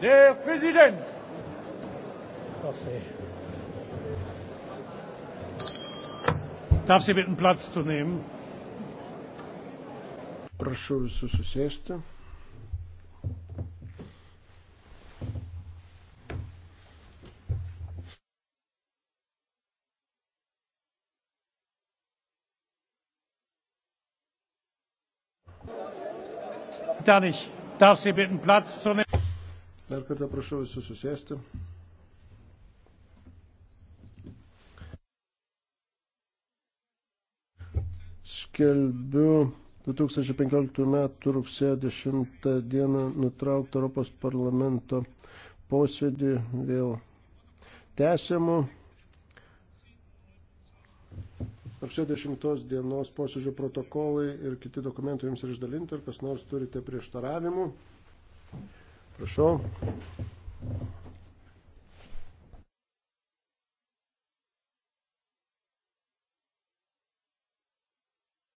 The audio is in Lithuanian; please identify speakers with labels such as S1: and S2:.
S1: Der Präsident!
S2: Darf Sie
S3: bitten, Platz zu nehmen? Прошу visus susėsti.
S2: Darf ich darf Sie bitten, Platz zu nehmen? Dar kartą prašau visus susėsti.
S4: Skelbiu 2015 metų rugsėjo 10 dieną nutraukti Europos parlamento posėdį vėl tęsiamu.
S5: Rugsėjo 10 dienos posėdžio protokolai ir kiti dokumentai jums ir išdalinti, ar kas nors turite prieštaravimų. Prašau.